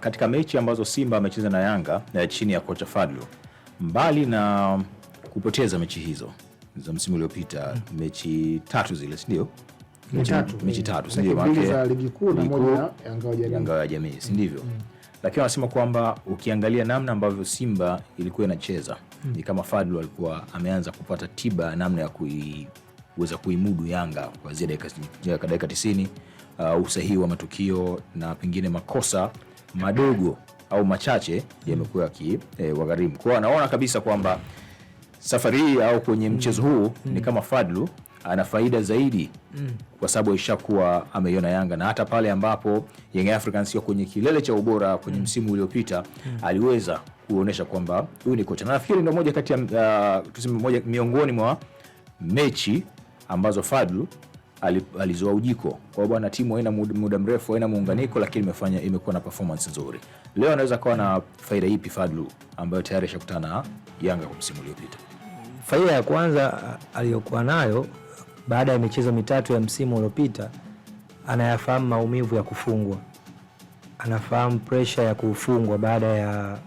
katika mechi ambazo Simba amecheza na Yanga ya eh, chini ya kocha Fadlu, mbali na kupoteza mechi hizo za msimu uliopita, mechi tatu zile, si ndio? Mechi tatu, mechi tatu, si ndio? Maana za ligi kuu na moja Yanga ya jamii, si ndivyo? Mm. Lakini wanasema kwamba ukiangalia namna ambavyo Simba ilikuwa inacheza mm. ni kama Fadlu alikuwa ameanza kupata tiba namna ya kuweza kuimudu Yanga kuanzia dakika 90 uh, usahihi wa matukio na pengine makosa madogo au machache yamekuwa yakiwagharimu. Eh, kwao anaona kabisa kwamba safari hii au kwenye mm. mchezo huu mm. ni kama Fadlu ana faida zaidi mm. kwa sababu aishakuwa ameiona Yanga na hata pale ambapo Young Africans sio kwenye kilele cha ubora kwenye mm. msimu uliopita mm. aliweza kuonyesha kwamba huyu ni kocha, na nafikiri ndio moja kati ya uh, tuseme moja miongoni mwa mechi ambazo Fadlu alizoa ujiko. Kwa bwana, timu haina muda mrefu, haina muunganiko, lakini imefanya imekuwa na performance nzuri. Leo anaweza kuwa na faida ipi Fadlu ambayo tayari ashakutana na Yanga kwa msimu uliopita? Faida ya kwanza aliyokuwa nayo baada ya michezo mitatu ya msimu uliopita, anayafahamu maumivu ya kufungwa, anafahamu presha ya kufungwa baada ya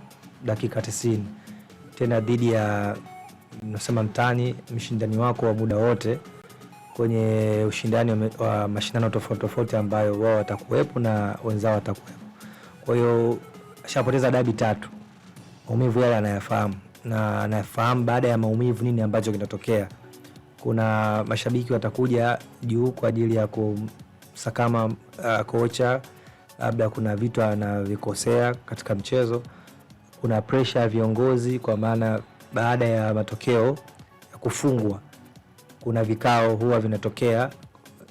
dakika 90 tena dhidi ya nasema mtani mshindani wako wa muda wote kwenye ushindani wa mashindano tofauti tofauti ambayo wao watakuwepo na wenzao watakuwepo. Kwa hiyo ashapoteza dabi tatu, maumivu yale anayafahamu, na anafahamu baada ya maumivu nini ambacho kinatokea. Kuna mashabiki watakuja juu kwa ajili ya kumsakama uh, kocha, labda kuna vitu anavikosea katika mchezo. Kuna presha ya viongozi, kwa maana baada ya matokeo ya kufungwa kuna vikao huwa vinatokea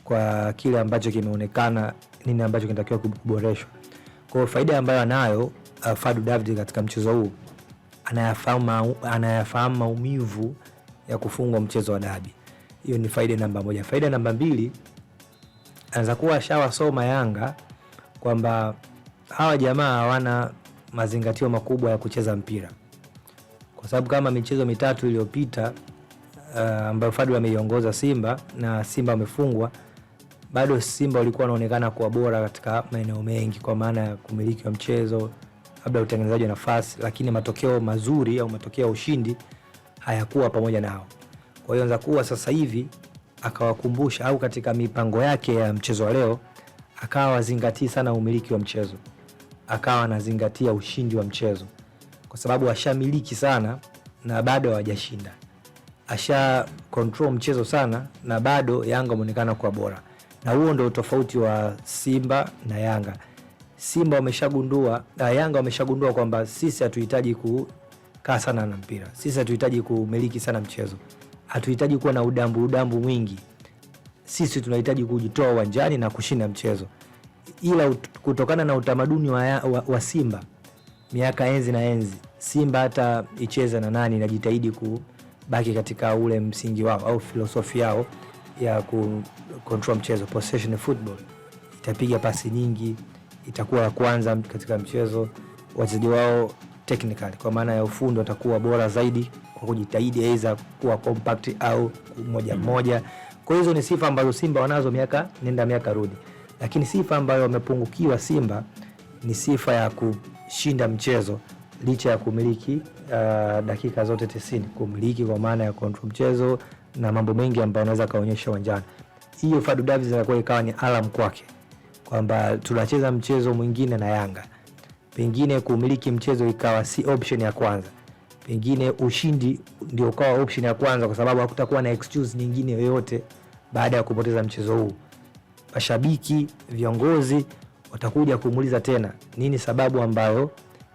kwa kile ambacho kimeonekana nini ambacho kinatakiwa kuboreshwa. Kwa hiyo faida ambayo anayo uh, Fadu David katika mchezo huu anayafahamu, anayafahamu maumivu ya kufungwa mchezo wa dabi. Hiyo ni faida namba moja. Faida namba mbili, anaweza kuwa ashawasoma Yanga kwamba hawa jamaa hawana mazingatio makubwa ya kucheza mpira, kwa sababu kama michezo mitatu iliyopita Eh, ambayo uh, Fadlu ameiongoza Simba na Simba wamefungwa, bado Simba walikuwa wanaonekana kuwa bora katika maeneo mengi, kwa maana ya kumiliki wa mchezo, labda utengenezaji wa nafasi, lakini matokeo mazuri au matokeo ya ushindi hayakuwa pamoja nao. Kwa hiyo kuwa sasa hivi akawakumbusha au katika mipango yake ya mchezo wa leo akawa wazingatii sana umiliki wa mchezo, akawa anazingatia ushindi wa mchezo, kwa sababu washamiliki sana na bado hawajashinda asha control mchezo sana na bado Yanga ameonekana kuwa bora, na huo ndio tofauti wa Simba na Yanga. Simba wameshagundua na ah, Yanga wameshagundua kwamba sisi hatuhitaji kukaa sana na mpira, sisi hatuhitaji kumiliki sana mchezo, hatuhitaji kuwa na udambu udambu mwingi. Sisi tunahitaji kujitoa uwanjani na kushinda mchezo, ila kutokana na utamaduni wa, wa, wa Simba miaka enzi na enzi, Simba hata icheza na nani inajitahidi ku baki katika ule msingi wao au filosofi yao ya ku control mchezo, possession football. Itapiga pasi nyingi, itakuwa ya kwanza katika mchezo. Wachezaji wao technical, kwa maana ya ufundi, watakuwa bora zaidi kwa kujitahidi, aidha kuwa compact au moja mmoja. Mm. Kwa hizo ni sifa ambazo Simba wanazo miaka nenda miaka rudi, lakini sifa ambayo wamepungukiwa Simba ni sifa ya kushinda mchezo licha ya kumiliki uh, dakika zote tisini, kumiliki kwa maana ya kontrol mchezo na mambo mengi ambayo anaweza kaonyesha uwanjani. Hiyo Fadu Davis inakuwa ikawa ni alam kwake kwamba tunacheza mchezo mwingine na Yanga, pengine kumiliki mchezo ikawa si option ya kwanza, pengine ushindi ndio ukawa option ya kwanza, kwa sababu hakutakuwa na excuse nyingine yoyote baada ya kupoteza mchezo huu. Mashabiki, viongozi watakuja kumuuliza tena, nini sababu ambayo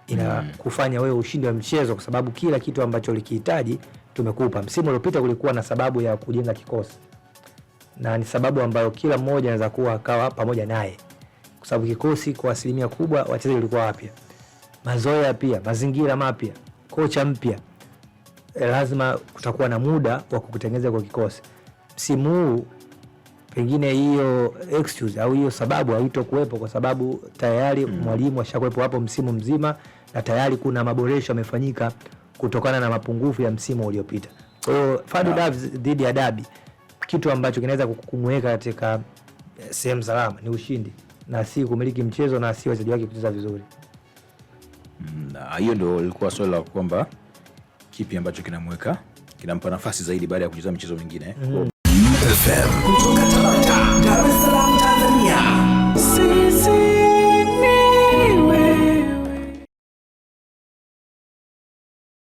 inakufanya mm. wewe ushindi wa mchezo, kwa sababu kila kitu ambacho ulikihitaji tumekupa. Msimu uliopita kulikuwa na sababu ya kujenga kikosi, na ni sababu ambayo kila mmoja anaweza kuwa akawa pamoja naye, kwa sababu kikosi kwa asilimia kubwa wachezaji walikuwa wapya, mazoea pia, mazingira mapya, kocha mpya, eh, lazima kutakuwa na muda wa kukutengeneza kwa kikosi. Msimu huu pengine hiyo excuse au hiyo sababu haitokuwepo kwa sababu tayari mm. mwalimu mm, ashakuwepo hapo msimu mzima na tayari kuna maboresho yamefanyika kutokana na mapungufu ya msimu uliopita. Kwa hiyo dhidi ya Dabi, kitu ambacho kinaweza kumweka katika eh, sehemu salama ni ushindi na si kumiliki mchezo na si wachezaji wake kucheza vizuri. Hiyo ndio ilikuwa swali la kwamba kipi ambacho kinamweka kinampa nafasi zaidi baada ya kucheza michezo mingine. mm -hmm.